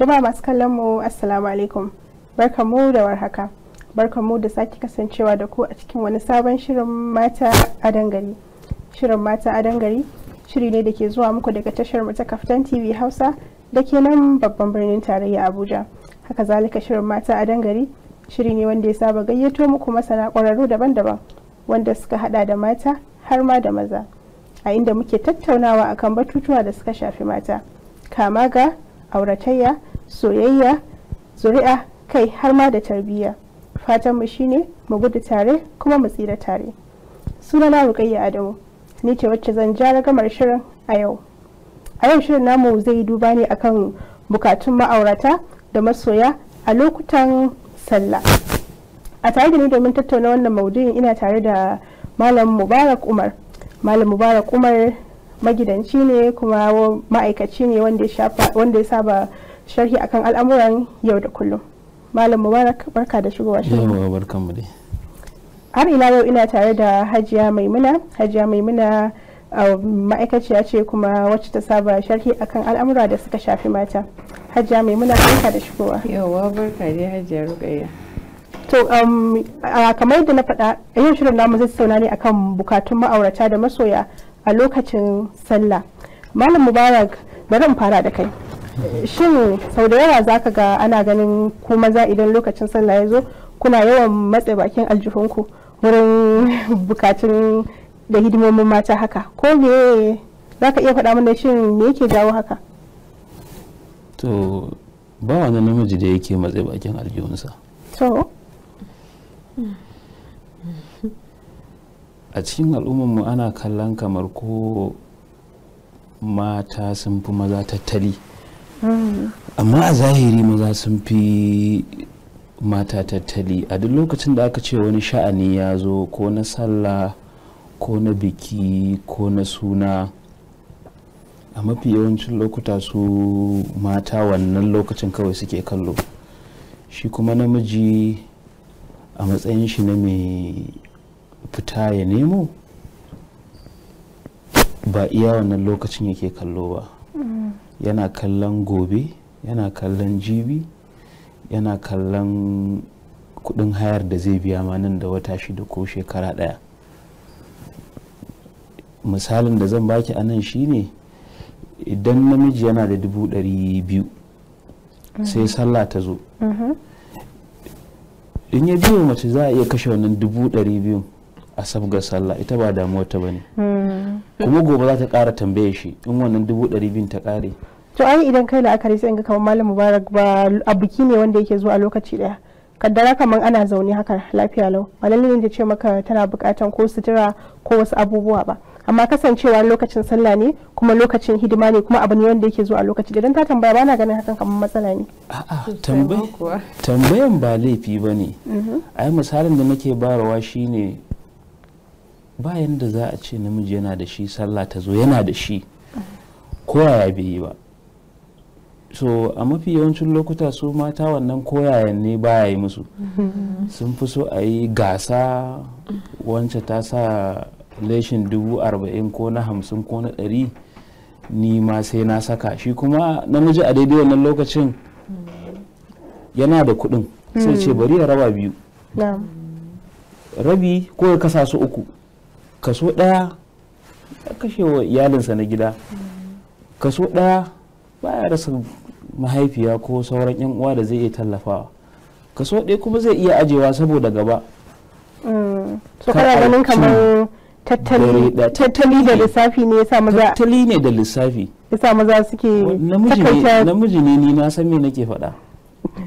jama'a masu kallon mu assalamu alaikum barkamu da warhaka barkamu da sake kasancewa da ku a cikin wani sabon shirin mata a dangare shirin mata a dangare shiri ne da ke zuwa muku daga tashar mu ta kaftan tv hausa da ke nan babban birnin tarayya abuja haka zalika shirin mata a dangare shiri ne wanda ya saba gayyato muku masana kwararru daban-daban wanda suka hada da mata har ma da maza a inda muke tattaunawa akan batutuwa da suka shafi mata kama ga auratayya soyayya zuri'a kai har ma da tarbiyya fatanmu shine mu gudu tare kuma mu tsira tare Suna sunana rukayya adamu ni ce wacce zan ja ragamar shirin a yau a yau shirin namu zai duba ne akan bukatun ma'aurata da masoya a lokutan sallah a tare da ni domin tattauna wannan maudu'in ina tare da malam mubarak umar malam mubarak umar magidanci ne kuma ma'aikaci ne wanda ya saba sharhi akan al'amuran yau da kullum malam mubarak barka da shigowa shirin har ila yau ina tare da hajiya maimuna hajiya maimuna um, ma'aikaciya ce kuma wacce ta saba sharhi akan al'amura da suka shafi mata hajiya maimuna barka da shigowa yawa barka dai hajiya rukayya to um, kamar da na faɗa yau shirin namu zai sauna ne akan bukatun ma'aurata da masoya a lokacin sallah malam mubarak bari in fara da kai shin sau da yawa zaka ga ana ganin ku maza idan lokacin sallah ya zo kuna yawan matse bakin aljihunku wurin bukatun da hidimomin mata haka ko me za ka iya faɗa mana shin me yake jawo haka to ba wani namiji da yake matse bakin aljihunsa to a cikin al'ummarmu ana kallon kamar ko mata sun fi maza tattali mm. amma a zahiri maza sun fi mata tattali a duk lokacin da aka ce wani sha'ani ya zo ko na sallah ko na biki ko na suna a mafi yawancin lokuta su mata wannan lokacin kawai suke kallo shi kuma namiji a matsayin shi na mai fita ya nemo ba iya wannan lokacin yake kallo ba yana kallon gobe yana kallon jibi yana kallon kudin hayar da zai biya ma nan da wata shida ko shekara daya misalin da zan baki a nan shine idan namiji yana da dubu dari biyu sai mm-hmm. sallah ta zo mm-hmm. in ya biyo mace za a iya kashe wannan dubu dari biyu. a sabgar sallah ita ba damuwar ta bane hmm. kuma gobe za ta kara tambaye shi in wannan dubu ɗari biyun ta kare to ai idan kai la'akari sai in ga kamar malam mubarak ba a biki ne wanda yake zuwa a lokaci daya kaddara kamar ana zaune haka lafiya lau ba ne ta ce maka tana bukatan ko sutura ko wasu abubuwa ba amma kasancewa lokacin sallah ne kuma lokacin hidima ne kuma abu ne wanda yake zuwa lokaci da ta tambaya bana ganin hakan kamar matsala ne a'a tambayan ba laifi ba ne mm-hmm. ai misalin da nake barawa shine ba yadda za a ce namiji yana da shi sallah ta zo yana da shi koyaya bai yi ba so a mafi yawancin lokuta su mata wannan koyayen ne baya yi musu sun fi so a yi gasa wance ta sa leshin dubu arba'in ko na hamsin ko na ɗari ni ma sai na saka shi kuma namiji a daidai wannan lokacin yana da kuɗin sai ce bari ya raba biyu rabi ko ya kasa su uku kaso ɗaya ya kashe wa iyalinsa na gida kaso ɗaya baya rasa mahaifiya ko sauran yan uwa da zai iya tallafawa kaso ɗaya kuma zai iya ajewa saboda gaba mm. ganin kamar tattali da lissafi ne yasa maza tattali ne da lissafi yasa maza suke namiji ne ni na san me nake faɗa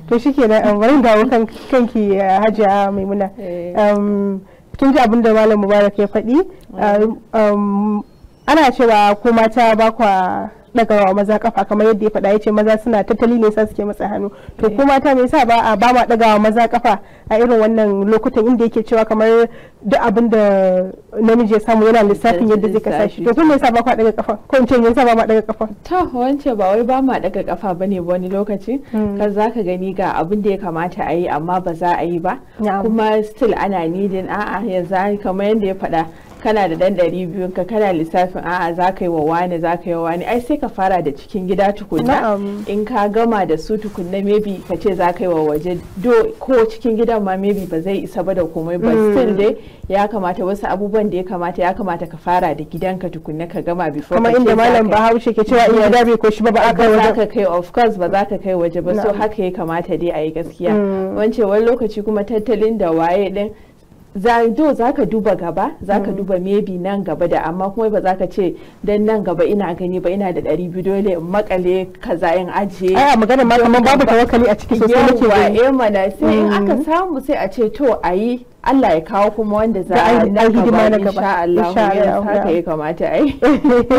to shike da um, bari dawo kanki uh, hajiya maimuna eh. um, kin ji abin da malam mubarak ya faɗi um, um, ana cewa ko mata ba kwa daga maza kafa kamar yadda ya faɗa ya ce maza suna tattali ne sa suke matsa hannu to ko eh. mata me yasa ba a ba ma daga maza kafa a irin wannan lokutan inda yake cewa kamar duk abin da namiji ya samu yana lissafin yadda zai kasa shi to kuma yasa ba ku daga kafa ko in yasa ba ma daga kafa to wance ba wai ba ma daga kafa bane ba wani lokaci hmm. ka zaka gani ga abin da ya kamata a yi amma ba za a yi ba kuma still ana nidin a'a yanzu kamar yadda ya faɗa kana da dan ɗari biyun ka kana lissafin a'a za ka yi wa wani za ka yi wa wani ai sai ka fara da cikin gida tukunna in ka gama da su tukunna maybe ka ce za ka yi wa waje do ko cikin gidan ma maybe ba zai isa ba da komai ba mm. still dai ya kamata wasu abubuwan da ya kamata ya kamata ka fara da gidanka tukunna ka gama before kuma inda malam bahaushe ke cewa in iya dabe ko shi ba ba aka waje ka kai of course ba za ka kai waje ba so haka ya kamata dai a yi gaskiya mm. wance wani lokaci kuma tattalin da waye din do za ka duba gaba za ka mm. duba mebi nan gaba da amma kuma ba za ka ce don nan gaba ina gani ba ina da ɗari biyu dole in makale kaza in ajiye a magana ma babu kawakali a cikin sosai nake yawa eh mana sai mm. aka samu sai a ce to ayi Allah ya kawo kuma wanda za a yi hidima na gaba sha oh, Allah haka ya kamata ai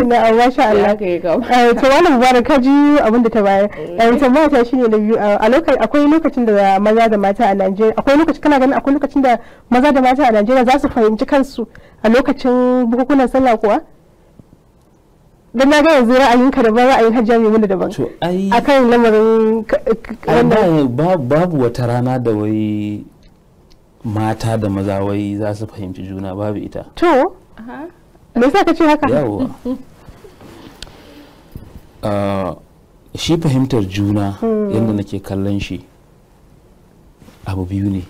na Allah eh, sha Allah haka ya kamata to wannan ka ji abin da ta bayar eh, eh tambaya ta shine da biyu eh, a lokacin akwai lokacin da maza da mata a Najeriya akwai lokacin kana ganin akwai lokacin da maza da mata a Najeriya za su fahimci kansu a lokacin bukukunan sallah kuwa don na ga yanzu ka daban ra'ayin hajjiya mai wani daban akan lamarin babu wata rana da wai mata da maza wai za su fahimci juna babu ita to me yasa ka ce haka yawa ah, shi fahimtar juna hmm. yadda nake kallon shi abu biyu ne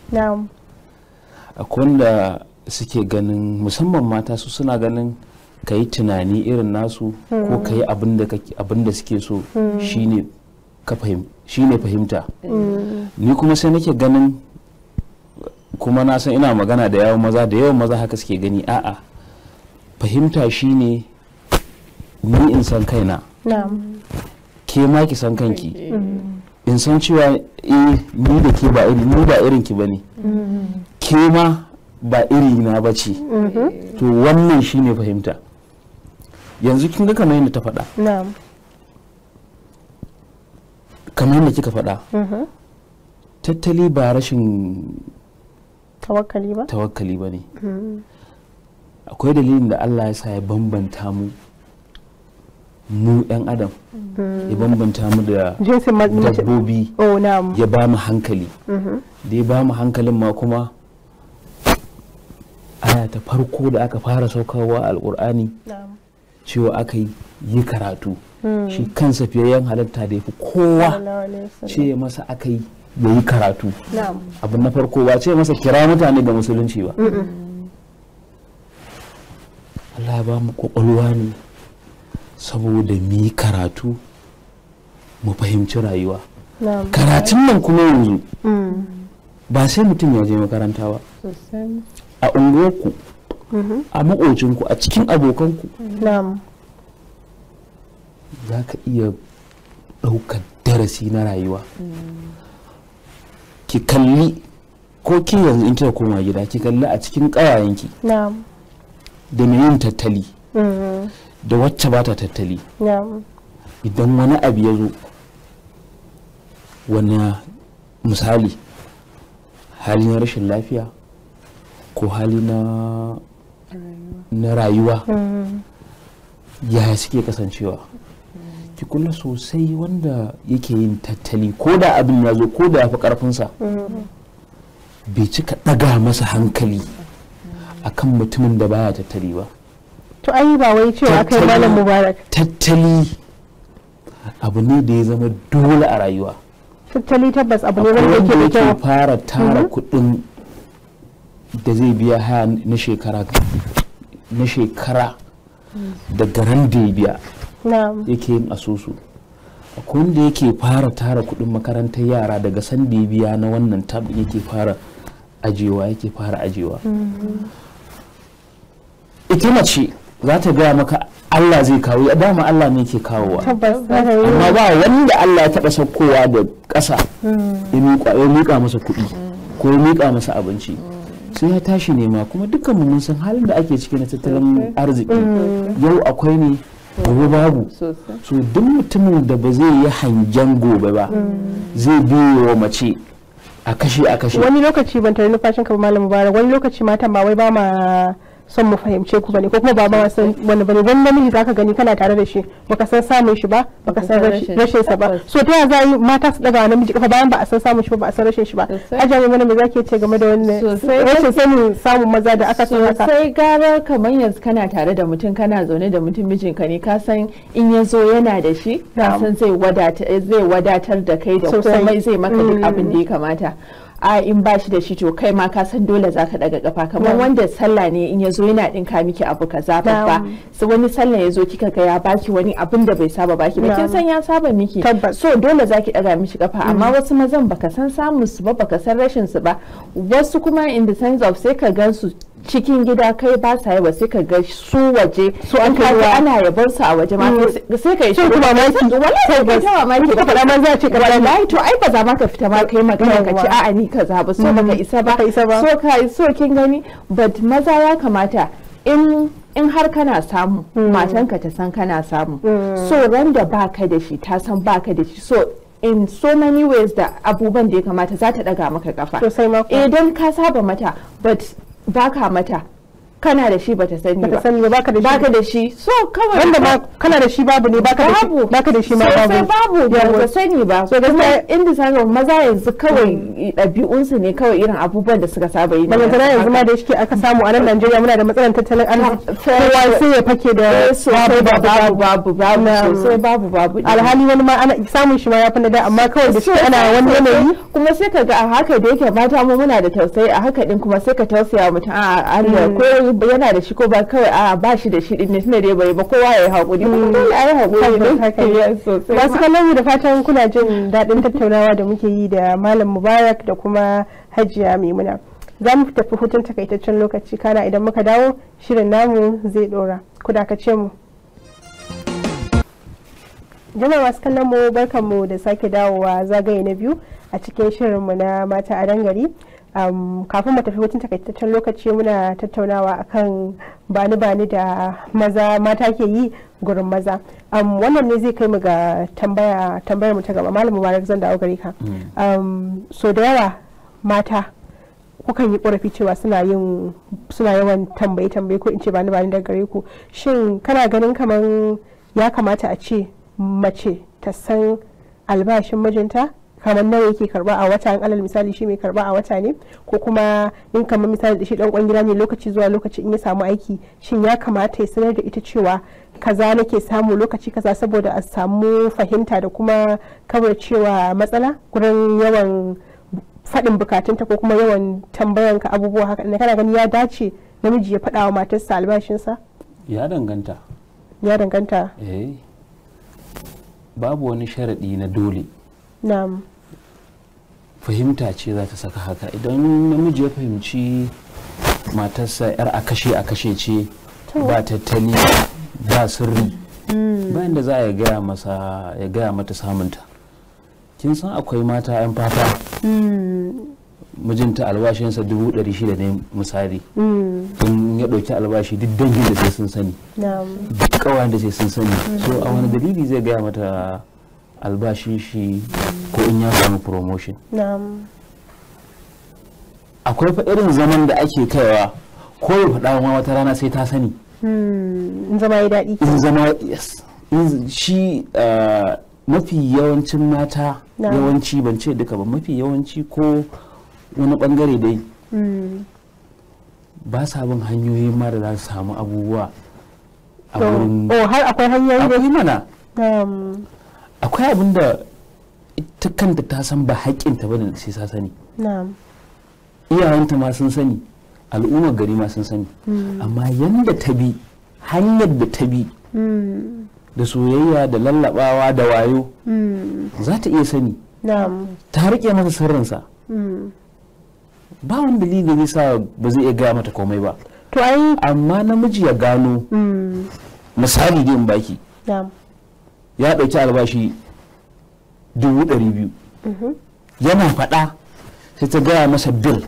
akwai suke ganin musamman mata su suna ganin ka yi tunani irin nasu ko hmm. ka yi abin da suke so hmm. Shi ne fahimta ni kuma sai nake ganin kuma na san ina magana da yawon maza da yawan maza haka suke gani a'a fahimta shine ni in san kaina ke ma ki san kanki mm. in san cewa eh ni da ke ba irin ni ba irin ki bane mm. ke ma ba iri na ba ce mm-hmm. to wannan shine fahimta yanzu kin ga kamar yadda ta faɗa kamar yadda kika faɗa mm-hmm. tattali ba rashin tawakkali ba tawakkali ba ne hmm. akwai dalilin da Allah ya sa ya bambanta mu mu ɗan adam hmm. ya bambanta mu da dabbobi oh, ya ba mu hankali mm-hmm. da ya ba mu hankalin ma kuma aya ta farko da aka fara saukawa alkur'ani cewa aka yi karatu hmm. shi kansa yan halatta da ya fi kowa ce masa aka yi ya yi karatu abu na farko ba ce masa kira mutane ga musulunci ba Allah ya ba mu kwakwalwa ne saboda mu yi karatu mu fahimci rayuwa karatun nan kuma yanzu mm. ba sai mutum ya je makaranta ba a unguwarku mm-hmm. a makocinku a cikin abokanku za ka iya ɗaukar darasi na rayuwa mm. ki kalli ko ki yanzu in kika koma gida ki kalli a cikin ƙawayenki da mai yin tattali mm-hmm. da wacce ba ta tattali idan wani abu ya zo wani misali hali na rashin lafiya ko hali na rayuwa mm-hmm. yaya suke kasancewa ki kula sosai wanda yake yin tattali ko da abin ya zo ko da ya fi karfinsa bai cika ɗaga masa hankali akan mutumin da baya tattali ba to ai ba wai cewa kai malam mubarak tattali abu ne da ya zama dole a rayuwa tattali tabbas abu ne wanda yake da kyau fara tara mhm. kuɗin da zai biya haya na shekara na shekara da garan da ya biya yake yin asusu akwai wanda yake fara tara kudin makarantar yara daga san bibiya na wannan tab yake fara ajewa yake fara ajewa mm-hmm. ita mace za ta gaya maka Allah zai kawo ya dama Allah ne ke kawowa amma ba wanda Allah ya taɓa saukowa da ƙasa mm. ya miƙa masa kuɗi ko ya miƙa masa abinci mm. sai ya tashi nema kuma dukkan mun san halin da ake ciki na tattalin arziki mm. yau akwai ne abu babu so duk mutumin da ba zai yi hangen gobe ba mm. zai biyo wa mace a kashe a kashe wani lokaci ban tare numfashin kaba malam mubarak wani lokaci matan ba wai ba ma son mu fahimce ku bane ko kuma ba ma san wani bane wani namiji zaka gani kana tare da shi baka san samun shi ba baka san rashin sa ba so ta za yi mata su daga namiji kafa bayan ba a san samun shi ba ba a san rashin shi ba ajiya mana me zake ce game da wannan rashin sanin samun maza da aka san haka sai gara kamar yanzu kana tare da mutum kana zaune da mutum mijinka ne ka san in ya zo yana da shi ka san zai wadatar da kai da komai zai maka duk mm. abin da ya kamata a in ba shi da shi to kai ma ka san dole zaka daga kafa kamar wanda sallah ne in yazo yana dinka miki abu kaza babba su wani sallah yazo kika ga ya baki wani abin da bai saba baki ba kin san ya saba miki so dole zaki daga mishi kafa amma mm. wasu mazan baka san samun su ba baka san rashin su ba wasu kuma in the sense of sai ka gan su cikin gida kai ba sa yi sai ka ga su waje su an kai ruwa ana yabon su a waje ma mm. sai ka yi shi kuma ma ki wallahi ba ta ma ki ka fada ma zai ce ka wallahi to ai ba za ma ka fita ma kai magana ka ce a'a ni kaza ba mm. so ka isa ba so ka so kin gani but maza ya kamata in in har kana samu mm. Matan ka ta san kana samu so ran da baka da shi ta san baka da shi so in so many ways da abubuwan da ya kamata za ta daga maka kafa idan ka saba mata but baka mata kana da shi bata sani ba sani baka da shi baka da shi so kawai wanda ba kana da shi babu ne baka da shi baka da shi ma babu sai babu ba ka sani ba so gaskiya in da sanin maza yanzu kawai dabi'un mm. su ne kawai irin abubuwan da suka saba yi daga zana yanzu ma da shi aka samu a nan Najeriya muna da matsalar tattalin arziki kowa sai ya fake da eh, babu babu babu sosai babu babu alhali wani ma ana samun shi ma ya fi da amma kawai da shi ana wani yanayi kuma sai ka ga a haka da yake mata mu muna da tausayi a haka din kuma sai ka tausaya mutum a Allah mm. ko yana da shi ko ba kawai a ba shi da shi din ne bai ba kowa ya yi hakuri mm. ba yi masu kallon mu da fatan kuna jin daɗin tattaunawa da muke yi da malam mubarak da kuma hajiya maimuna za mu tafi hutun takaitaccen lokaci kana idan muka dawo shirin namu zai ɗora ku dakace mu jama'a masu kallon mu barkanmu da sake dawowa zagaye na biyu a cikin shirin mu na mata a dangare kafin mu tafi wacin takaitaccen lokaci muna tattaunawa akan bani-bani da maza mata ke yi gurin maza wannan ne zai kai mu ga tambaya tambayar mu ta gaba malam mubarak zan dawo gare ka hmm. so da yawa mata kukan yi ƙorafi cewa suna yin suna yawan tambaye tambaye ko in ce bani bani daga gare ku shin kana ganin kamar ya kamata a ce mace ta san albashin mijinta kamar nawa yake karba a wata in alal misali shi mai karba a wata ne ko kuma in kamar misali da shi dan kwangira ne lokaci zuwa lokaci in ya samu aiki shin ya kamata ya sanar da ita cewa kaza nake samu lokaci kaza saboda a samu fahimta da kuma kawar cewa matsala gurin yawan faɗin bukatunta ko kuma yawan tambayan ka abubuwa haka na kana gani ya dace namiji ya faɗa wa matarsa albashinsa ya danganta ya danganta eh babu wani sharaɗi na dole na'am fahimta ce za ta saka haka idan namiji ya fahimci matarsa yar a kashe a kashe ce ba tattali ba sirri mm. bayan da za a ya gaya mata samunta kin san akwai mata 'yan fata mm. mijinta albashinsa dubu ɗari shida ne misali mm. in ya ɗauki albashi duk dangin da sai sun sani duk kawayen da sai sun sani so a wani dalili zai gaya mata albashin shi ko in ya samu promotion akwai fa irin zaman da ake kaiwa ko ya faɗa ma wata rana sai ta sani hmm, in zama ya daɗi in zama yes shi ah, mafi yawancin mata yawanci ban ce duka ba mafi yawanci ko wani bangare dai hmm. ba sa bin hanyoyi ma da za su samu abubuwa a wurin oh, har akwai hanyoyi mana akwai abin da ita kanta ta san ba haƙƙinta ba da sai ta sani iyayenta ma sun sani al'ummar gari ma sun sani hmm. amma yadda ta bi hanyar da ta bi hmm. da soyayya da lallabawa da wayo hmm. za ta iya sani ta riƙe masa sirrinsa ba wani dalilin zai sa ba zai iya gaya mata komai ba amma namiji ya gano misali din baki ya ɗauki albashi dubu ɗari biyu yana faɗa sai ta gaya masa bill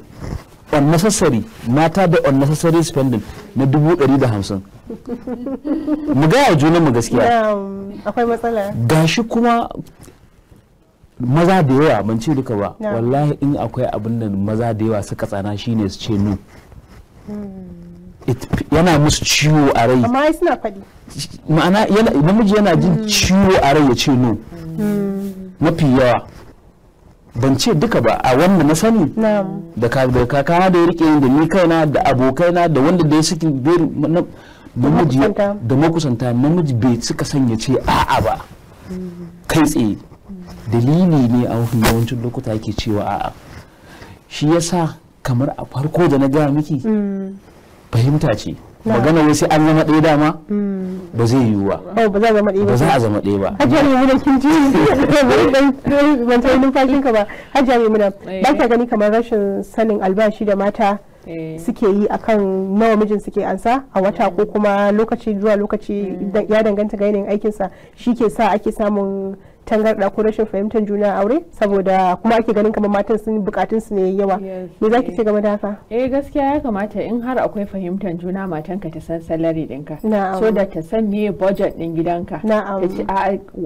unnecessary mata da unnecessary spending na dubu ɗari da hamsin mu gaya junan mu gaskiya akwai matsala gashi kuma maza da yawa ban ce duka ba wallahi in akwai abin da maza da yawa suka tsana shine su ce no hmm. yana musu ciwo a rai ma'ana namiji yana jin mm. ciwo a rai ya ce no mm. mafi yawa ban ce duka ba a wanda na sani da kakana da ya rike da ni kaina da abokaina da wanda da ya suke namiji da makusanta namiji bai suka sanya ce a'a ba mm. kai tsaye dalili ne a wani yawancin lokuta yake cewa a'a shi yasa kamar a farko da na gaya miki fahimta ce magana ne sai an zama ɗaya dama hmm. ba zai yiwu ba oh, ba za a zama ɗaya ba hajji ne muna kin ji ban tsaye numfashin ka ba hajji mai muna eh. ba ka gani kamar rashin sanin albashi da mata eh. suke yi akan nawa mijin suke ansa a wata ko hmm. kuma lokaci zuwa lokaci hmm. ya danganta ga yanayin aikinsa shi ke sa ake samun tangarɗa ko rashin fahimtar juna aure saboda kuma ake ganin kamar matan sun bukatun su ne yawa me zaki ce game da haka eh gaskiya ya kamata in har akwai fahimtar juna matan ka ta san salary dinka so da ta san me budget din gidanka ta ce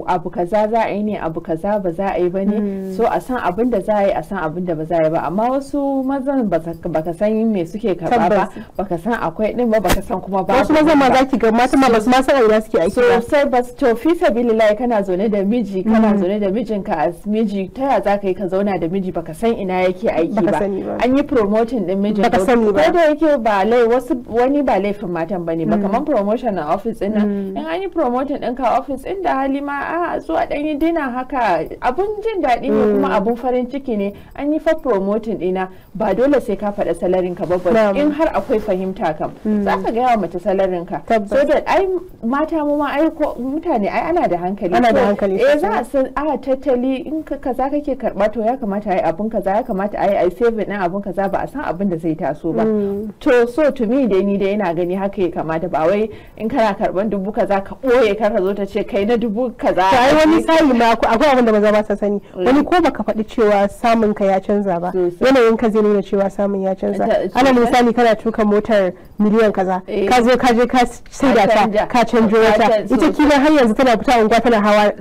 abu kaza za a yi ne abu kaza ba za a yi ba ne hmm. so a san abin da za a yi a san abin da ba za a yi ba amma wasu mazan baka san me suke karba ba baka san akwai din ba baka san kuma ba wasu mazan ma zaki ga mata ma ba su ma san ina suke aiki ba sai ba to fi sabilillahi kana zaune da miji kana mm-hmm. zaune da mijinka a miji ta ya za ka yi ka zauna da miji baka san ina yake aiki ba an yi promoting din mijin baka sani ba da yake ba lai wasu wani ba laifin matan bane ba kaman mm. promotion a office din mm. in an yi promoting din ka office din da hali ma a zuwa dan yi dina haka abun jin daɗi ne kuma mm. abun farin ciki ne an yi fa promoting dina ba dole sai ka faɗa salarin ka ba in har akwai fahimta kam za ka gaya wa mace salarin ka so da ai mata mu ma ai mutane ai ana da hankali ana da hankali eh za san ana tattali in ka kaza kake karba to ya kamata yi abun kaza ya kamata yi ai save din abun kaza ba a san abin da zai taso ba mm. to so to me dai ni dai ina gani haka ya kamata ba wai in kana karban dubu kaza ka boye kar ka zo ta ce kai na dubu kaza ai wani sai ma akwai abin da maza ba sa sani mm. wani ko baka faɗi cewa samun ka ya canza ba yanayin ka zai nuna cewa samun ya canza ana misali kana tuka motar miliyan kaza eh. ka zo ka je ka sai da ka canjo wata ita kila har yanzu tana fita unguwa tana hawa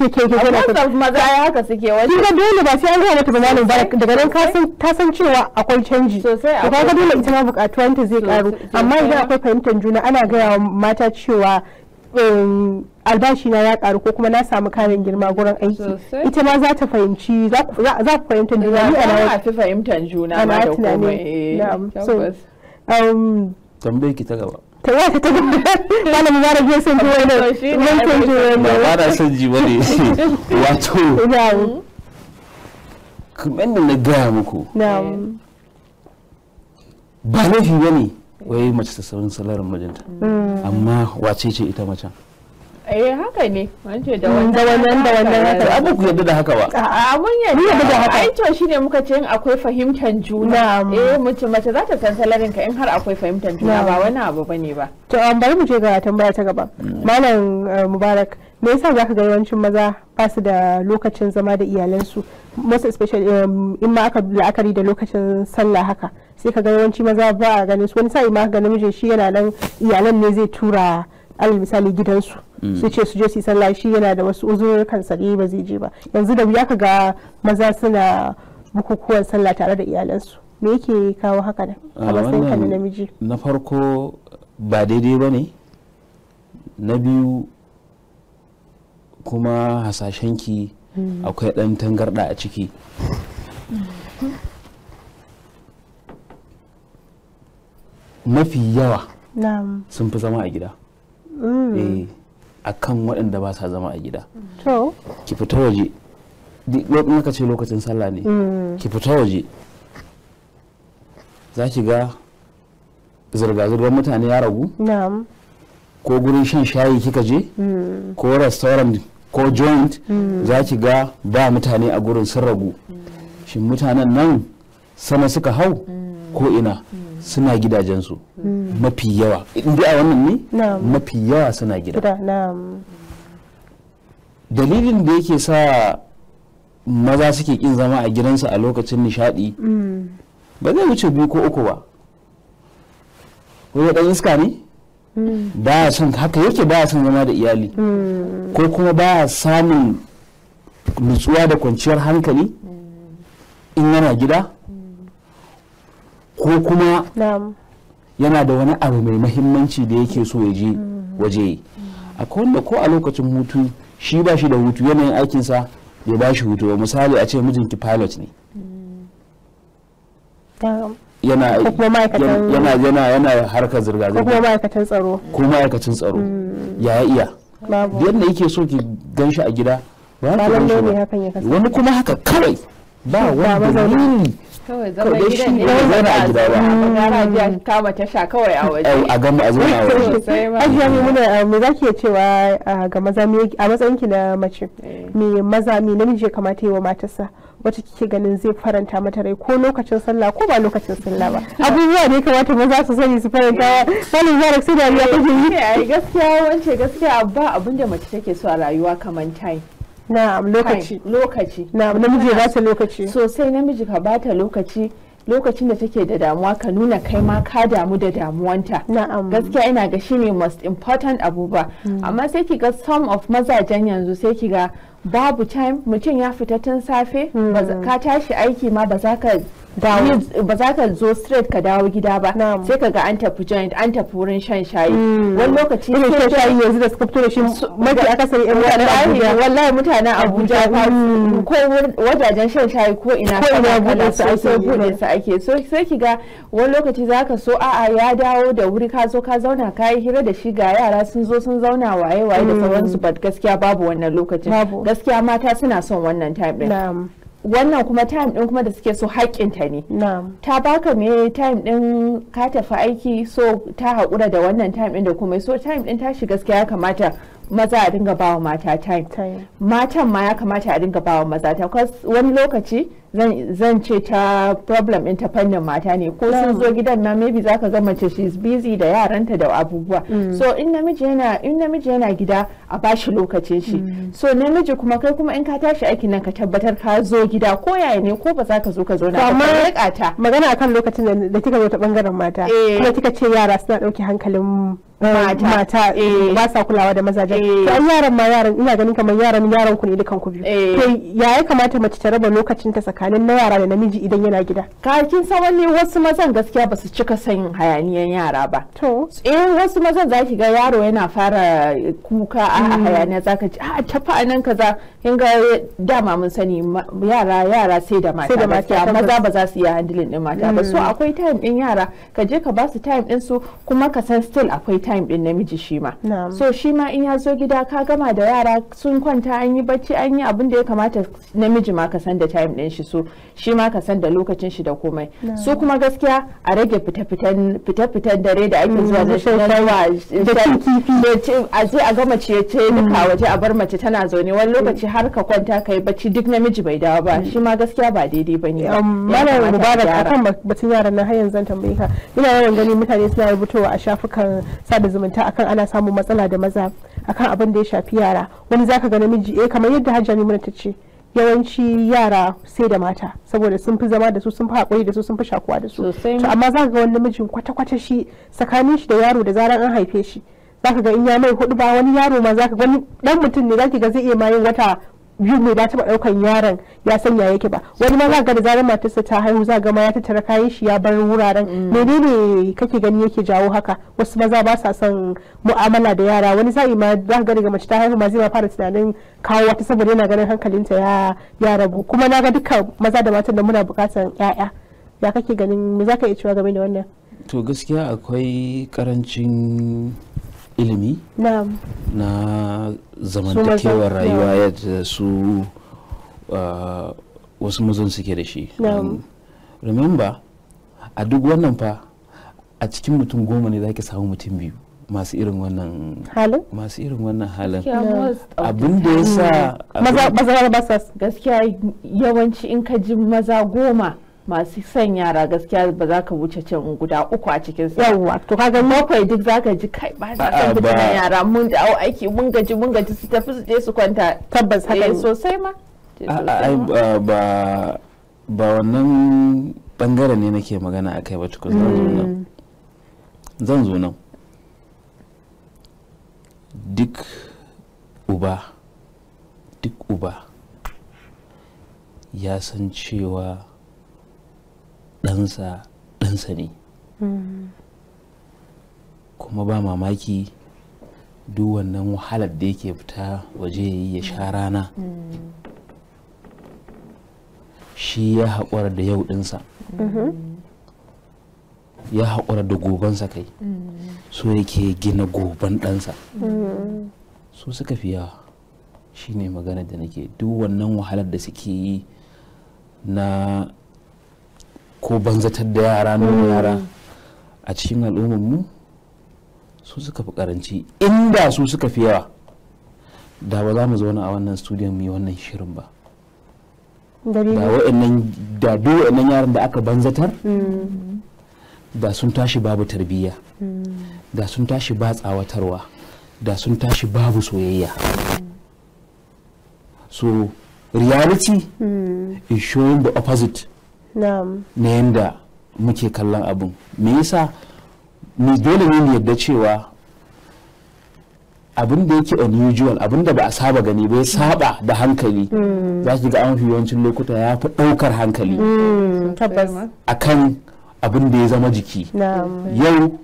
ke ke ke kana ta maza ya haka suke wace. kin dole ba sai an gaya mata bayanin ba daga nan ka san ta san cewa akwai canji sosai akwai ga dole ita ma bukatuwan ta zai karu amma idan akwai fahimtar juna ana gaya wa mata cewa um, albashi na ya karu ko kuma na samu karin girma gurin aiki ita ma za ta fahimci za ku fahimtar juna ni ana fi fahimtar juna ma da komai um, tambaye ki ta gaba ta ya ta tabbata malam mubarak ya san jiwa ne ban san jiwa ne ba na san jiwa ne wato kamar da na gaya muku ba laifi ba ne wai mace ta saurin salarin mijinta amma wace ce ita macen eh haka ne wance da mm, wannan da wannan da wannan haka ai ba ku yadda da haka ba mun da haka ai to shine muka ce in akwai fahimtar juna eh mace mace za ta san salarin ka in har akwai fahimtar juna ba wani abu bane ba to an um, bari mu je ga tambaya ta gaba mm. malam uh, mubarak me yasa zaka ga yawancin maza ba su da lokacin zama da iyalansu most especially um, in ma aka la'akari da lokacin sallah haka sai ka ga yawanci maza ba a ganin su wani sa'i ma ga namiji shi yana nan iyalan ne zai tura alal misali gidansu su ce su je su yi sallah shi yana da wasu uzurorukan sani ba zai je ba yanzu da wuya ka ga maza suna bukukuwan sallah tare da iyalansu me yake kawo haka da a matsayin namiji na farko ba daidai ba ne na biyu kuma hasashen ki hmm. akwai ɗan tangarɗa a ciki mafi yawa sun fi zama a gida hmm. eh. akan waɗanda ba sa zama a gida ki fita waje aka ce lokacin sallah ne mm. ki fita waje za ki ga zirga-zirgar mutane ya ragu ko gurin shan shayi kika je mm. ko restaurant ko joint mm. za ki ga ba mutane a gurin sun ragu shin mutanen nan sama suka hau ko ina suna gidajensu mafi yawa inda a wannan ne mafi yawa suna gida dalilin da yake sa maza suke kin zama a gidansu a lokacin nishadi mm. ba zai wuce biyu ko uku ba wani ɗan iska ne mm. baya son haka yake baya son zama da iyali mm. ko kuma baya samun nutsuwa da kwanciyar hankali in yana gida ko kuma yana da wani abu mai mahimmanci da yake so ya je mm. waje akwai wanda ko a lokacin hutu shi ba shi da hutu yanayin aikinsa ya ba shi hutu misali a ce mijinki pilot ne yana yana yana zirga zirga ko ma'aikatan tsaro ko ma'aikacin tsaro mm. ya iya yadda yake so ki ganshi a gida ba wani kuma haka kawai ba wani dalili kawai zama gidan ne zauna a gida ba gara ji kama tasha kawai a waje a gama a zauna a waje ajiya mai muna eh, me zaki ya cewa eh, ga maza a matsayin ki na mace eh. me maza me namiji ya kamata yi wa matarsa wata kike ganin zai faranta mata rai ko lokacin sallah ko ba lokacin sallah ba abubuwa ne kamata maza su sani su faranta wa sanin zara su da ya kake yi gaskiya wance gaskiya ba abinda mace take so a rayuwa kamar time na'am lokaci lokaci namiji ba ta lokaci sosai namiji ka ba lokaci lokacin da take da damuwa ka nuna kai ma ka damu da damuwanta na'am gaskiya ina ga shine most important abu ba hmm. amma sai ki ga some of mazajen yanzu sai ki ga babu time mutum ya fita tun safe hmm. ka tashi aiki ma ba za ka ba za ka zo straight ka dawo gida ba sai ka ga an tafi joint an tafi wurin shan shayi mm. wani lokaci sai shan shayi yanzu da suka fito da shi mafi akasari yan mutanen abuja wallahi mutanen abuja mm. ko wajajen shan shayi ko ina ko ina bude su ake bude su ake so sai ki ga wani lokaci za ka so a'a ya dawo da wuri ka zo ka zauna ka yi hira da shi ga yara sun zo sun zauna waye waye da mm. sauransu ba gaskiya babu wannan lokacin gaskiya mata suna son wannan type wannan kuma time din kuma da suke so haƙinta ne ta baka me time din ka tafi aiki so ta haƙura da wannan time din da kuma so time din tashi gaskiya ya kamata maza a dinga bawa mata time matan ma ya kamata a dinga bawa maza ta wani lokaci zan ce ta problem in ta fannin mata ne ko sun zo gidan na maybe zaka ga mace she is busy da yaranta da abubuwa mm. so in namiji yana in namiji yana gida a bashi lokacin shi mm. so namiji kuma kai kuma in ka tashi aiki nan ka tabbatar ka zo gida ko yaya ne ko ba za ka zo ka zo na ba magana akan lokacin da kika zo ta bangaren mata eh. kuma kika ce yara suna dauke hankalin mata eh, mm-hmm. ba sa kulawa da mazajen eh. to an yaran ma yaran ina ganin kamar yaran yaran ku ne dukan ku biyu eh. to ya ya kamata mace ta raba lokacin ta tsakanin na yara da namiji idan yana gida ka kin san wani wasu mazan gaskiya ba su cika son hayaniyan yara ba to eh wasu mazan zaki ga yaro yana fara kuka mm. a hayaniya zaka ji a tafi anan kaza kin ga dama mun sani yara yara sai da mata mata maza ba za su iya handling din mata ba so mm. akwai time din yara ka je ka ba su time din su kuma ka san still akwai time din namiji shi ma so shi ma in ya zo gida ka gama da yara sun kwanta an yi bacci an yi abin da ya kamata namiji ma ka san da time din shi so shi ma ka san da lokacin shi da komai so kuma gaskiya a rage fita-fitan dare da ake zuwa mm, da shi a je a gama ce ce mm. duka waje a bar mace tana zaune wani lokaci mm. har ka kwanta ka yi bacci duk namiji bai dawo ba shi ma gaskiya ba daidai ba ne um, mana mubarak akan batun yaran na har yanzu zan tambaye ka ina yawan gani mutane suna rubutowa a shafukan da zumunta akan ana samun matsala da maza akan abin da ya shafi yara wani zaka ga namiji eh kamar yadda hajja mimuna ta ce yawanci yara sai da mata saboda sun fi zama da su sun fi haƙuri da su sun fi shakuwa da su to amma zaka ga wani namijin kwata-kwata shi tsakanin shi da yaro da zaran an haife shi zaka ga in ya mai hudu ba wani yaro ma zaka wani dan mutum ne zaki ga zai iya mayin wata biyu mai ba taba ɗaukan yaron ya sanya yake ba wani ma za ga da zarar matarsa ta haihu za ga ma ya tattara kayan shi ya bar wuraren mm. menene kake gani yake jawo haka wasu maza ba sa son mu'amala da yara wani sa'i ma za ga mace ta haihu ma zai ma fara tunanin kawo wata saboda yana ganin hankalinta ya ya rabu kuma na ga dukkan maza da matan da muna bukatar ya'ya ya kake ganin me za ka iya cewa game da wannan to gaskiya akwai karancin ilimi na zamantakewar rayuwa yadda su uh, wasu mazan suke da shi remember a duk wannan fa a cikin mutum goma ne zaki samu mutum biyu masu irin wannan halin masu irin wannan halin abin da ya sa maza ba sa gaskiya yawanci in ka ji maza goma masu son yara gaskiya ba za ka wuce can guda uku a cikin sa yawa to kaga mafai duk za ka ji kai ba za ka na yara mun au aiki mun gaji mun gaji su tafi su je su kwanta tabbas haka eh, sosai ma ba ba wannan bangare ne nake magana akai ba tukun zan zo nan mm. zan zo nan duk uba duk uba ya san cewa ɗansa ɗansa ne hmm. kuma ba mamaki duk wannan wahalar da yake fita waje yi ya sha rana hmm. shi ya haƙura da yau ɗinsa hmm. ya haƙura da gobansa kai so yake gina goban ɗansa so suka fi yawa shi ne magana da nake duk wannan wahalar da suke yi na ko banzatar da yara na mm. yara a cikin al'ummar mu su suka fi karanci inda su suka fi yawa da ba za mu zauna a wannan studiyon mu yi wannan shirin ba da wa'annan da wa'annan yaran da aka banzatar mm. da sun tashi babu tarbiyya mm. da sun tashi ba tsawatarwa da sun tashi babu soyayya so reality is showing the opposite na yanda muke kallon abin me yasa ni dole ne mu yadda cewa abin da yake unusual abin da ba a saba gani bai saba da hankali hmm. za su ga an fi yawancin lokuta ya fi ɗaukar hankali hmm, a kan abin da ya zama jiki yau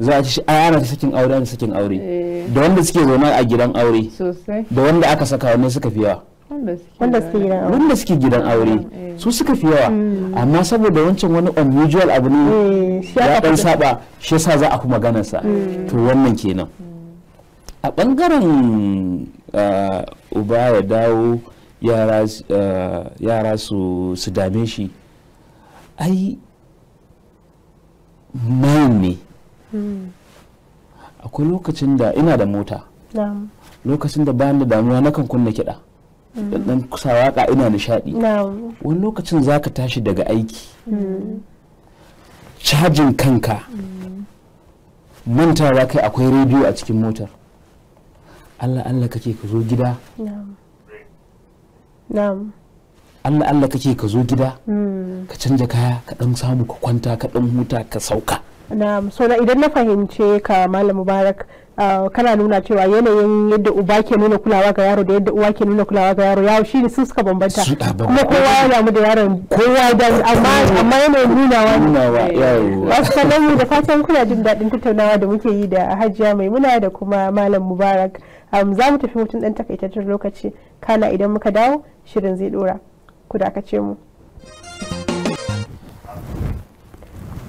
za a ci ta sakin aure da sakin aure eh. da wanda suke zama a gidan aure da wanda aka saka wani suka fi yawa wanda suke gidan aure Wanda eh. su suka fi yawa hmm. amma saboda wancan wani unusual abu ne eh, ya dan saba shi yasa za a fi maganarsa hmm. to wannan kenan a bangaren ah, uba ya dawo yara ah, su dame shi ai mayan ne hmm. akwai lokacin da ina da mota lokacin da bayan da damuwa nakan kunna kiɗa dan kusa waka ina nishadi wani lokacin zaka tashi daga aiki hmm. cajin kanka hmm. mantawa kai akwai rediyo a cikin motar Allah Allah kake ka zo gida Allah Allah kake ka zo gida hmm. ka canja kaya ka dan samu ka kwanta ka dan huta ka sauka na so na idan na fahimce ka malam mubarak ah, kana nuna cewa yanayin yadda uba ke nuna kulawa ga yaro da yadda uwa ke nuna kulawa ga yaro yawo shi ne su suka bambanta kuma kowa ya damu da yaron kowa da amma amma yanayin nunawa wasu kallon da fatan kuna jin daɗin tattaunawa da muke yi da hajiya maimuna da kuma malam mubarak za mu tafi mutum ɗan takaitaccen lokaci kana idan muka dawo shirin zai ɗora ku dakace mu.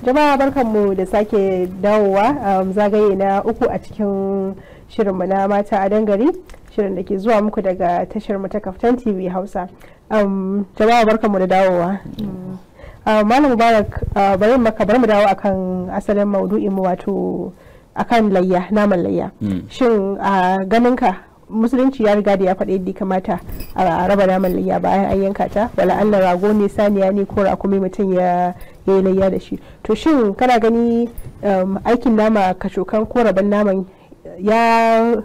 jama'a barkanmu da sake dawowa um, zagaye na uku a cikin shirinmu na mata a dangare shirin da ke zuwa muku daga tashar mu ta kaftan tv hausa um, jama'a barkanmu da dawowa mm. uh, malam mubarak uh, bari maka bari mu dawo akan asalin maudu'in mu wato akan layya naman layya mm. shin a uh, ganinka musulunci ya riga da ya faɗi yadda kamata a raba naman layya bayan an yanka ta wala Allah rago ne saniya ne ko rakumi mutum ya yi layya da shi to shin kana gani um, aikin nama kacokan ko rabon naman uh, ya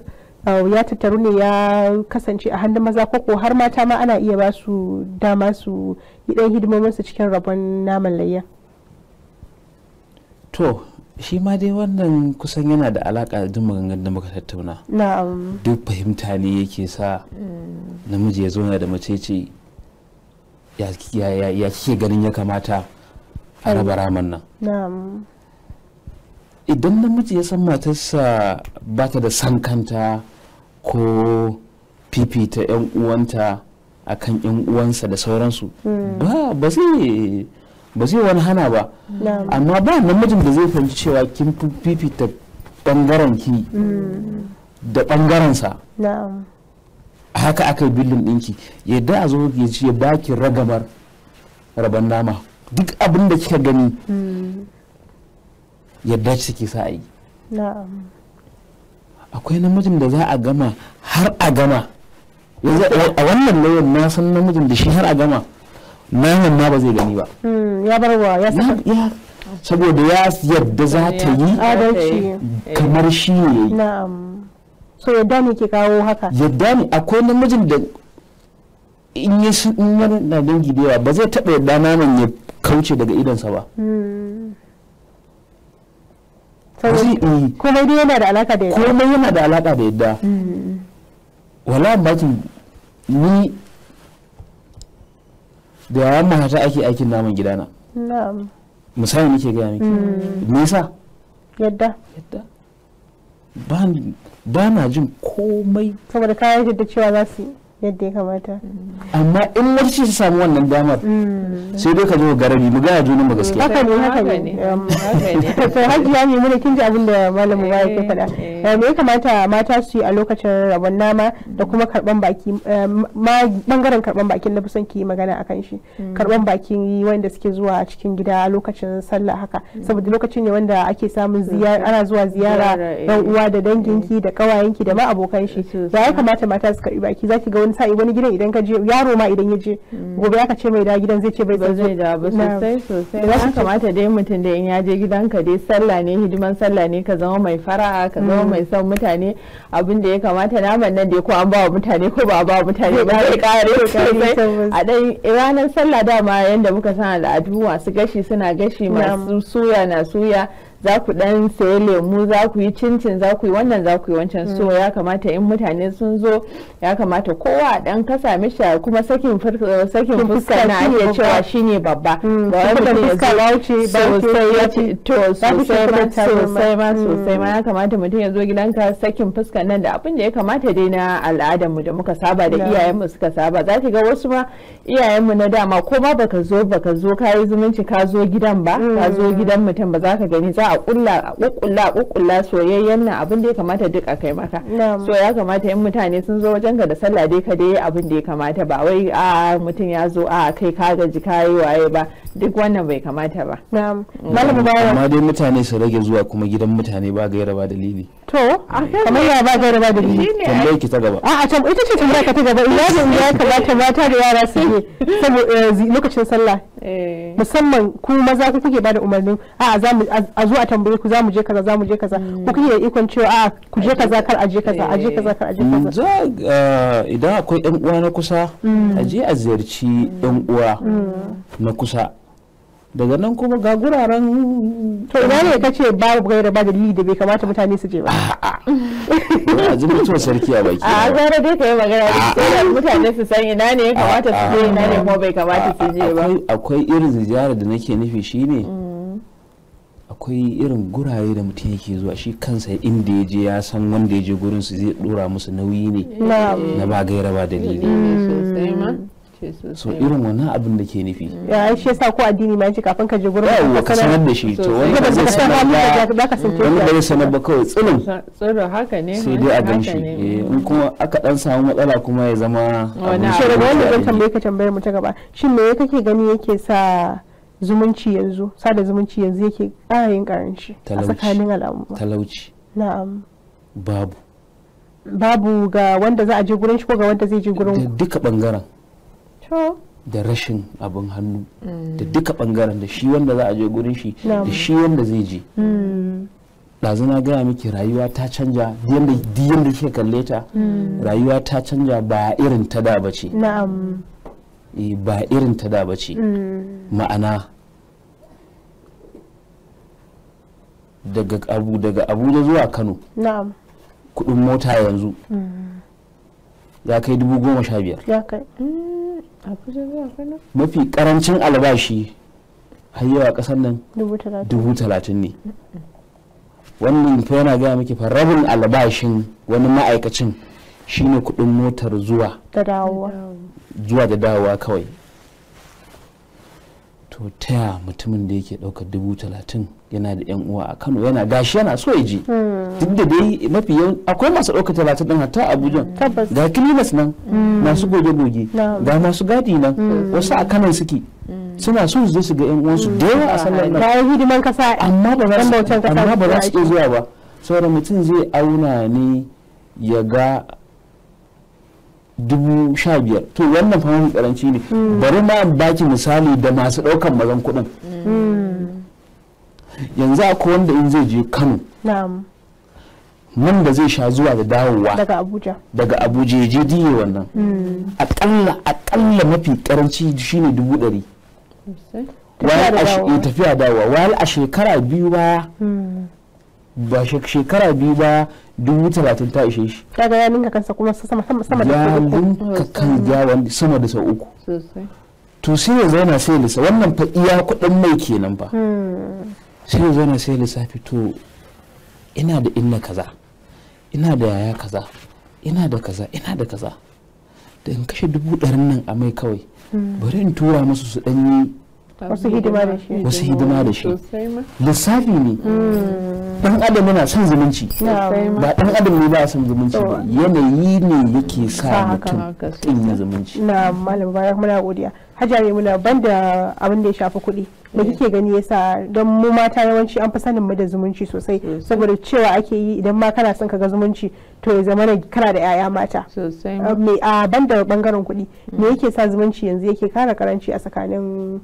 tattaru ne ya kasance a hannun maza koko har mata ma ana iya ba su dama su yi ɗan hidimomin su cikin rabon naman layya to shi ma dai wannan kusan yana da alaka duk maganganun da muka tattauna duk fahimta ne yake sa namiji ya zo na da mace ce ya kike ganin ya kamata a raba raman nan idan namiji ya san matarsa ba ta da san kanta ko fifita 'yan uwanta akan 'yan uwansa da sauransu hmm. ba ba zai ba zai wani hana ba amma ba namijin da zai fahimci cewa kin fifita bangaren ki mm. da bangaren sa haka aka yi billin ɗinki yadda a zo ya baki ragamar rabon nama duk abin da kika gani mm. yadda ci suke sa a yi akwai namijin da za a gama har a gama a wannan layin na san namijin da shi har a gama naman ma ba zai gani ba hmm, ya bar wa ya saka saboda ya yadda za ta yi kamar shi ne na'am so yadda ne ke kawo haka yadda ne akwai namijin da in yi su in wani na dangi da yawa ba zai taɓa yadda naman ya kauce daga idonsa ba hmm. komai yana da alaka da yadda komai yana da alaka da yadda hmm. wala bakin ni da yawan mahata ake aikin naman na misali nake gaya miki nisa hmm. yadda yadda ba na jin komai saboda kayan yadda cewa za su yadda ya kamata amma in mace ce ta samu wannan damar mm. sai dai ka zo garari mu gaya junan mu gaskiya haka ne haka ne um, to hajiya ne mun kin ji abin da malamu ba ya ke faɗa eh, eh. Uh, me ya kamata mata su yi a lokacin rabon nama da kuma karban baki bangaren um, karban bakin na busan ki yi magana akan shi mm. karban bakin wanda suke zuwa cikin gida lokacin sallah haka mm. saboda lokacin ne wanda ake samun ziyara ana zuwa ziyara ɗan eh. uwa da danginki da kawayenki da ma abokan shi ya kamata mata su karbi baki za ki ga wani sa'i wani gidan idan ka je yaro ma idan ya je hmm. gobe aka ce mai da gidan zai ce bai zai da ba sosai sosai ya kamata dai mutum da in ya je ka dai sallah ne hidiman sallah ne ka zama mai fara'a ka zama hmm. mai son mutane abin da ya kamata naman nan dai ko an ba wa mutane ko ba ba mutane ba ya kare a dan eh, ranar sallah dama yanda muka san al'adu masu gashi suna gashi masu suya na suya za ku dan saye lemu za ku yi cincin za ku yi wannan za ku yi wancan so mm. ya kamata in mutane sun zo ya kamata kowa dan kasa misha kuma sakin sakin fuska na iya cewa shine babba mm. ba wai mutum ya zo sosai ya ci to sosai ma mm. sosai ma ya kamata mutum ya zo gidanka sakin fuska nan da abin da ya kamata dai na al'adarmu da muka saba da iyayenmu suka saba za ki ga wasu ma iyayenmu na dama ko ma baka zo baka zo ka zumunci ka zo gidan ba ka zo gidan mutum ba za ka gani za a kulla a kulla a kulla soyayyen nan abin da ya kamata duk a kai maka so ya kamata in mutane sun zo wajen ka da sallah dai ka dai abin da ya kamata ba wai a mutum ya zo a kai ka gaji ka yi waye ba duk wannan bai kamata ba mm. amma dai mutane su rage zuwa kuma gidan mutane ba gaira ba dalili to kamar ya ba gaira ba dalili tambayar ki ta gaba a a ita ce tambayar ka ta gaba iyalin ya kamata mata da yara su ne saboda eh, lokacin sallah eh. musamman ku maza ku kuke bada umarnin a a zo a tambaye ku za mu je kaza za mu je kaza mm. ku kiyaye ikon cewa a ah, ku je kaza kar a je kaza a je eh. kaza kar a je kaza za eh, idan akwai yan uwa na kusa mm. a je a ziyarci yan uwa mm. na kusa daga nan kuma ga guraren to ina ne ka ce babu gaira ba dalili da bai kamata mutane su je ba a ji mutum sarki a baki a gara dai ka yi magana da mutane su san ina ne ya kamata su je ina ne kuma bai kamata su je ba akwai irin ziyara da nake nufi shine akwai irin gurare da mutum yake zuwa shi kansa inda ya je ya san wanda ya je gurin su zai dora musu nauyi ne na ba gaira ba dalili so irin wannan abin da ke nufi ya shi yasa ko addini ma yace kafin ka je gurin yawa ka sanar da shi to wani ba zai sanar ba wani ba zai sanar ba kawai tsirin tsirin haka ne sai dai a ganshi eh, in kuma aka dan samu matsala kuma ya zama wani shi da wanda zan tambaye ka tambayar mu ta gaba shin me kake gani yake sa zumunci yanzu sada zumunci yanzu yake ƙara yin karanci a tsakanin al'umma talauci na'am babu babu ga wanda za a je gurin shi ko ga wanda zai je gurin duka bangaren da rashin abin hannu mm. da duka bangaren da shi wanda za a je gurin shi da shi wanda zai je mm. ɗazu na gaya miki rayuwa ta canja yadda kika kalle ta mm. rayuwa ta canja ba irin ta da ba ce Eh, ba irin ta da bace mm. ma'ana daga abu daga abuja zuwa kano kudin mota yanzu ya mm. kai dubu goma sha biyar mm, mafi karancin albashi har yawa kasan nan dubu talatin ne wannan fa yana gaya miki fa rabin albashin wani ma'aikacin shine kudin motar zuwa da dawowa zuwa da dawowa kawai to taya mutumin da yake daukar dubu talatin yana da yan uwa a kano yana gashi yana so ya je hmm. duk da dai mafi yawan akwai masu daukar talatin din hatta abuja ga kilimas nan hmm. masu goge-goge ga masu gadi nan hmm. wasu a kanan suke suna so su su ga yan uwansu da yawa a sallar nan hidiman kasa amma ba za su amma ba za su iya zuwa ba saboda mutum zai auna ne ya ga dubu sha biyar to wannan fahimtar karanci ne hmm. bari ma baki misali da masu ɗaukan mazan kuɗin hmm. yanzu akwai wanda in zai je kano nan da zai sha zuwa da dawowa daga abuja daga abuja ya je diye wannan hmm. akalla akalla mafi karanci shine dubu ɗari tafiya dawowa wani a shekara biyu baya ba shekara biyu baya dubu talatin ta ishe shi kaga ya ninka kansa kuma sama sama da ya ninka kan jawan sama da sau uku to sai ya zauna sai lissa wannan fa iya kuɗin mai kenan ba hmm. sai ya zauna sai lisa fito ina da inna kaza ina da yaya kaza ina da kaza ina da kaza da in kashe dubu ɗarin nan a mai kawai hmm. bari in tura musu su ɗan yi wasu hidima da shi wasu hidima da shi lissafi ne hmm. dan adam yana son zumunci ba dan adam ne ba son zumunci ba yanayi ne yake sa mutum ɗin ya zumunci na malam bayan muna godiya hajjare muna banda abin da ya shafi kuɗi da kike gani yasa don mu mata yawanci an fi sanin mu da zumunci sosai saboda cewa ake yi idan ma kana son kaga zumunci to ya zama kana da yaya mata sosai a banda bangaren kuɗi me hmm. yake sa zumunci yanzu yake kara karanci a tsakanin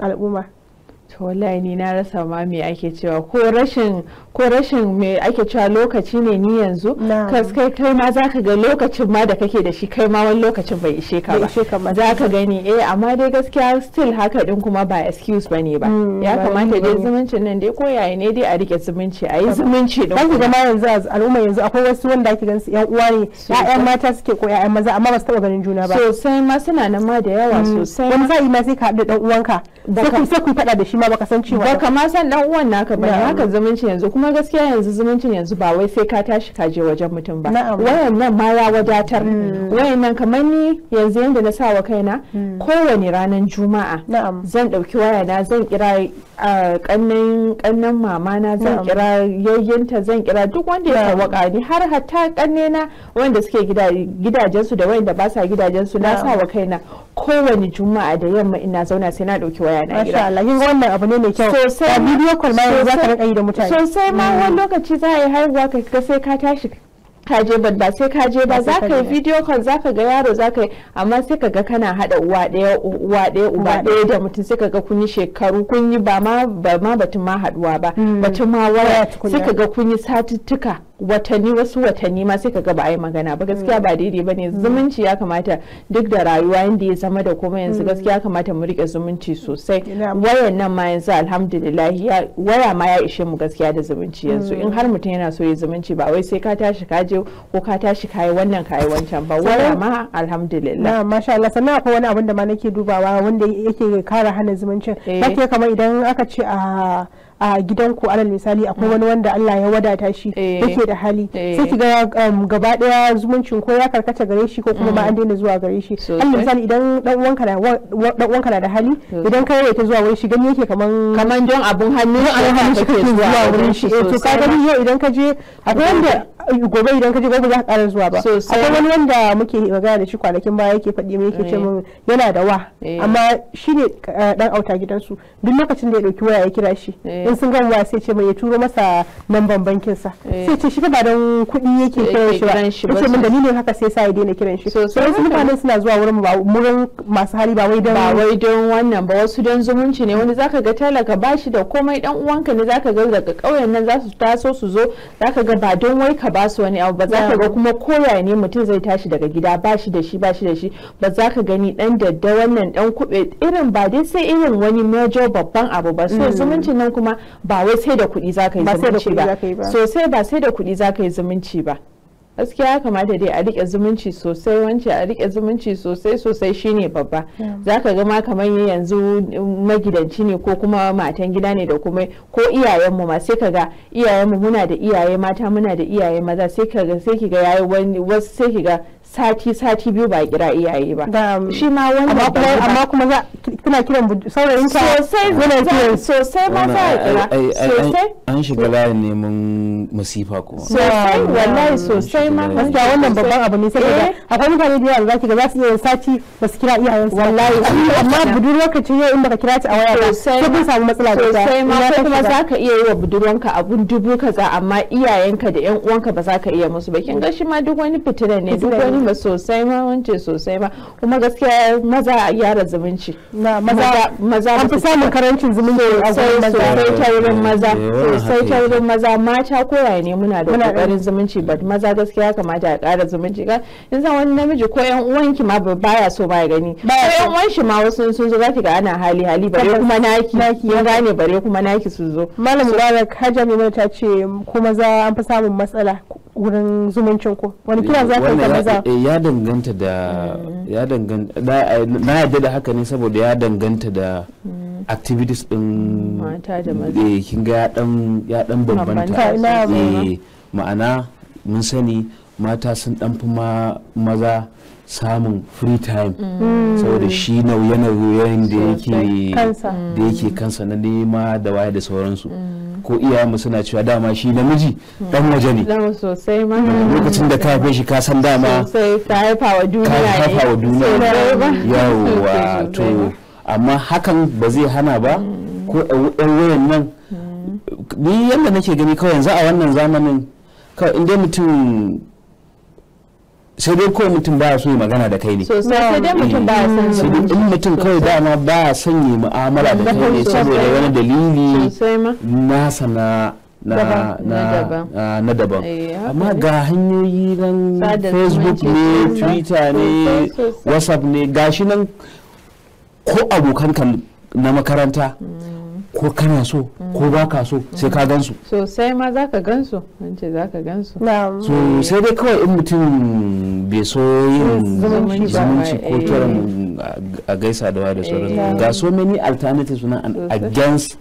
Ale Uma. to wallahi ni na rasa ma me ake cewa ko rashin ko rashin me ake cewa lokaci ne ni yanzu kai kai ma zaka ga lokacin ma da kake da shi kai ma wani lokacin bai ishe ka ba zaka gani eh amma dai gaskiya still haka din kuma ba excuse bane ba mm, ya kamata dai zumuncin nan dai ko yaya ne dai a rike zumunci a yi zumunci da kuma ma yanzu al'umma yanzu akwai wasu wanda ake ganin yan uwa ne ya'yan mata suke ko ya'yan maza amma ba su taba ganin juna ba sosai ma suna nan ma da yawa mm. sosai wani za'i ma sai ka haɗu da dan uwanka sai ku faɗa da shi ma baka san cewa baka ma san dan uwan naka ba haka zumunci yanzu kuma gaskiya yanzu zumuncin yanzu ba wai sai ka tashi ka je wajen mutum ba nan ma ya wadatar mm. nan kamar ni yanzu yanda na sawa kaina mm. kowane ranar juma'a zan dauki wayana zan kira kannan kannan mama na zan kira yayyanta zan kira duk wanda ya sawaka ni har hatta kannena na wanda suke gidajensu da wayanda ba sa gidajensu na sawa kaina kowane juma'a da yamma ina zauna sai na dauki waya na gida Allah yin wannan abu ne mai kyau sosai bidiyo call ma yanzu ka rinka yi da mutane sosai ma mm. wani lokaci za a yi har ka ga sai ka tashi ka je ba ba sai ka je ba za ka yi video call za ka ga yaro za ka yi amma sai ka ga kana hada uwa daya uwa daya uba daya da mutum sai ka ga kun yi shekaru kun yi ba ma ba ma batun ma haduwa ba mm. batun ma waya sai ka ga kun yi satuttuka watanni wasu watanni ma sai ka ga ba a yi magana ba gaskiya ba daidai ba ne mm. zumunci ya kamata duk da rayuwa yadda ya zama da kuma yanzu mm. gaskiya ya kamata mu rike zumunci sosai wayan nan ma yanzu alhamdulillah waya ma ya ishe mu gaskiya da zumunci yanzu in mm. har mutum yana so ya zumunci ba wai sai ka tashi ka je ko ka tashi ka yi wannan ka yi wancan ba waya ma alhamdulillah na masha Allah sannan akwai wani abin da ma nake dubawa wanda yake kara hana zumuncin kake eh. kamar idan aka ce a ah, a gidanku alal misali akwai wani wanda Allah ya wadata shi eh. yake da hali eh. sai ki ga um, gaba daya zumuncin ko ya karkata gare shi ko kuma ma an mm. daina zuwa gare shi alal misali idan dan uwanka na dan uwanka na da hali idan kai yake zuwa wurin shi gani yake kaman kaman don abun hannu abun hannu shi kake zuwa wurin shi eh, to ka gani yau idan ka je akwai wanda gobe idan ka je gobe za ka kara zuwa ba akwai wani wanda muke magana da shi kwanakin baya yake faɗi mai yake ce min yana da wa amma shine dan auta gidansu duk lokacin da ya dauki waya ya kira shi in sun gama sai ce mai ya turo masa namban bankin sa eh. sai ce shi fa ba don kuɗi yake kiran shi ba yace min dalilin haka sai sa ya daina kiran shi so wasu mutanen suna zuwa wurin ba murin masu hali ba wai don wannan ba wasu don zumunci ne wani zaka ga talaka bashi da komai dan uwanka ne zaka ga daga ƙauyen nan za su taso su zo zaka ga ba don wai ka ba su wani abu ba zaka ga kuma koya ne mutum zai tashi daga gida bashi da shi bashi da shi ba zaka gani dan dadda wannan dan kuɓe irin ba dai sai irin wani major babban abu ba so mm. zumuncin nan kuma ba wai sai da kuɗi za ka yi zumunci ba sosai ba sai da kuɗi za ka yi zumunci ba gaskiya ya kamata dai a riƙe zumunci sosai wance a rike zumunci sosai sosai shine babba hmm. za ka gama kamar yanzu magidanci ne ko kuma matan gida ne da kuma ko iyayenmu ma sai ka ga iyayenmu muna da iyaye mata muna da iyaye maza sai ka ga sai wasu sai ki sati sati biyu ba kira iyaye ba um, shi ma wannan amma kuma za kuna kiran saurayin ka sosai kiran sosai ma za a kira sosai an shiga layin neman musifa ko sosai wallahi sosai ma gaskiya wannan babban abu ne saboda eh. akwai mutane da yawa ki ga za su iya sati ba su kira iyayen su wallahi amma budur lokacin yau in baka kira ta a waya ba sai kun samu matsala da sosai ma sai kuma za ka iya yi wa budurwanka abun dubu kaza amma iyayenka da yan uwanka ba za ka iya musu ba kin ga shi ma duk wani fitina ne duk wani ba sosai ma wance sosai ma kuma gaskiya maza a gyara zumunci maza an fi samun karancin zumunci sosai ta wurin eh, maza eh, sosai ta wurin maza mata koya ne muna da kokarin zumunci but maza gaskiya kamata a kara zumunci ga yanzu wani namiji ko yan uwanki ma baya so ba gani ko yan uwan shi ma wasu sun zo zaki ga ana hali hali bare kuma naki ya gane bare kuma naki su zo malam mubarak hajjami mai ta ce kuma za an fi samun matsala wurin zumuncin ku wani kira za ka yi maza eh, Eh, ya danganta da ya danganta na yadda da haka ne saboda ya danganta da activities din mata da maza eh, kin ga ya dan eh, bambanta ma'ana mun sani mata sun dan fi maza samun free time mm. saboda shi nauye-nauyen da yake kansa na nema da waye da sauransu mm. ko iyayenmu suna cewa dama shi namiji dan waje ne lokacin da ka haife shi ka san dama ka haifa wa duniya yawa to amma hakan ba zai hana ba mm. ko yan wayan nan ni yadda nake gani kawai yanzu a wannan zamanin kawai inda mutum sai dai kawai mutum baya so yi magana da kai ne sai dai mutum baya mutum kawai dama baya son yi mu'amala da kai ne saboda wani dalili nasa na sana na daban eh, amma ga hanyoyi nan facebook ne twitter ne whatsapp ne gashi nan ko abokan na makaranta mm. ko kana so ko ba ka so sai ka gansu sosai ma za ka gansu wance za ka gansu so sai dai kawai in mutum bai so yin zumunci ko eh. kiran a gaisa da wa da sauran eh. ga so many alternatives na against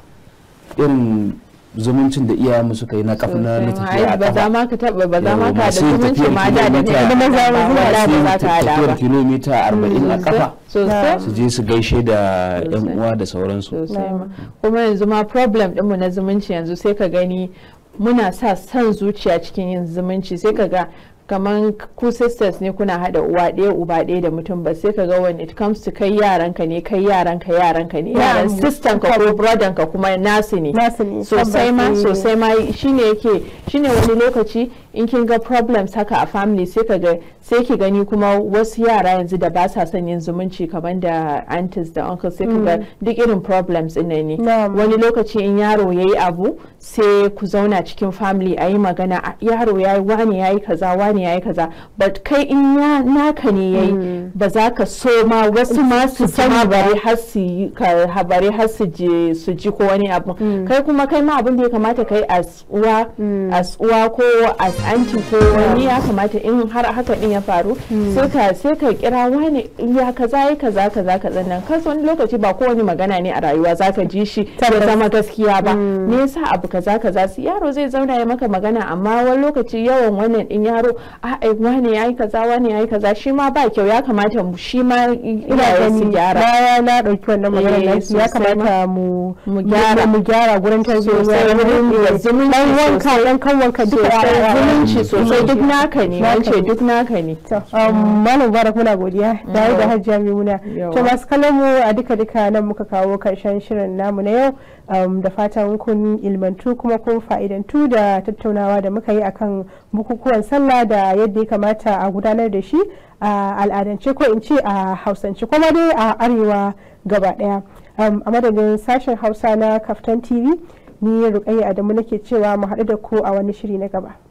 irin zumuncin da iyayenmu suka yi na kafin na tafiya a kafa. Ba za ma ka taba ba za ma ka da zumunci ma da da ne kuma za mu zuwa da ba za ka hada ba. Tafiyar kilomita arba'in a kafa. Su je su gaishe da yan uwa da sauransu. Kuma yanzu ma problem ɗinmu na zumunci yanzu sai ka gani muna sa son zuciya cikin yin zumunci sai ka ga kamar ku sisters ne kuna hada uwa ɗaya uba ɗaya da mutum ba sai ka ga when it comes to kai yaranka ne kai yaranka yaranka ne yaran sister ka ko brother ka kuma nasu ne sosai ma eh. sosai ma shine yake shine wani lokaci in kin ga problems haka a family sai ka ga sai ki gani kuma wasu yara yanzu da ba sa son yin zumunci kaman da aunties da uncles sai ka ga mm. duk irin problems ɗin ne wani lokaci in yaro yayi abu sai ku zauna cikin family ayi magana yaro yayi wani yayi kaza wani ne yi kaza but kai in ya naka ne yayi mm. ba za ka so ma wasu ma su san habari har su ji ko wani abu mm. kai kuma kai ma abin da ya kamata kai as uwa mm. as uwa ko as anti ko wani ya kamata in har haka din ya faru sai ka kira wani ya kaza yayi kaza kaza kaza nan kai wani lokaci ba kowane magana ne a rayuwa za ka ji shi ta zama gaskiya ba me yasa abu kaza kaza su yaro zai zauna ya maka magana amma wani lokaci yawan wannan din yaro a'a eh, wane yi kaza wane yi kaza shi ma ba kyau ya kamata mu shi ma ina gani gyara na dauki wannan magana eh, ya kamata mu mu gyara mu gyara gurin tarbiyya gurin zumunci dan wanka wankan wanka duka zumunci sosai duk naka ne an ce duk naka ne um, malam barak muna godiya mm. da da hajjiya maimuna to masu kallon mu a duka duka nan muka kawo karshen shirin namu na yau um, da fatan kun ilmantu kuma kun fa'idantu da tattaunawa da muka yi akan bukukuwan sallah da da yadda ya kamata a gudanar da shi a al'adance ko in ce a hausance kuma dai a arewa gaba daya a madadin sashen hausa na kaftan tv ni rukayya adamu nake cewa mu haɗu da ku a wani shiri na gaba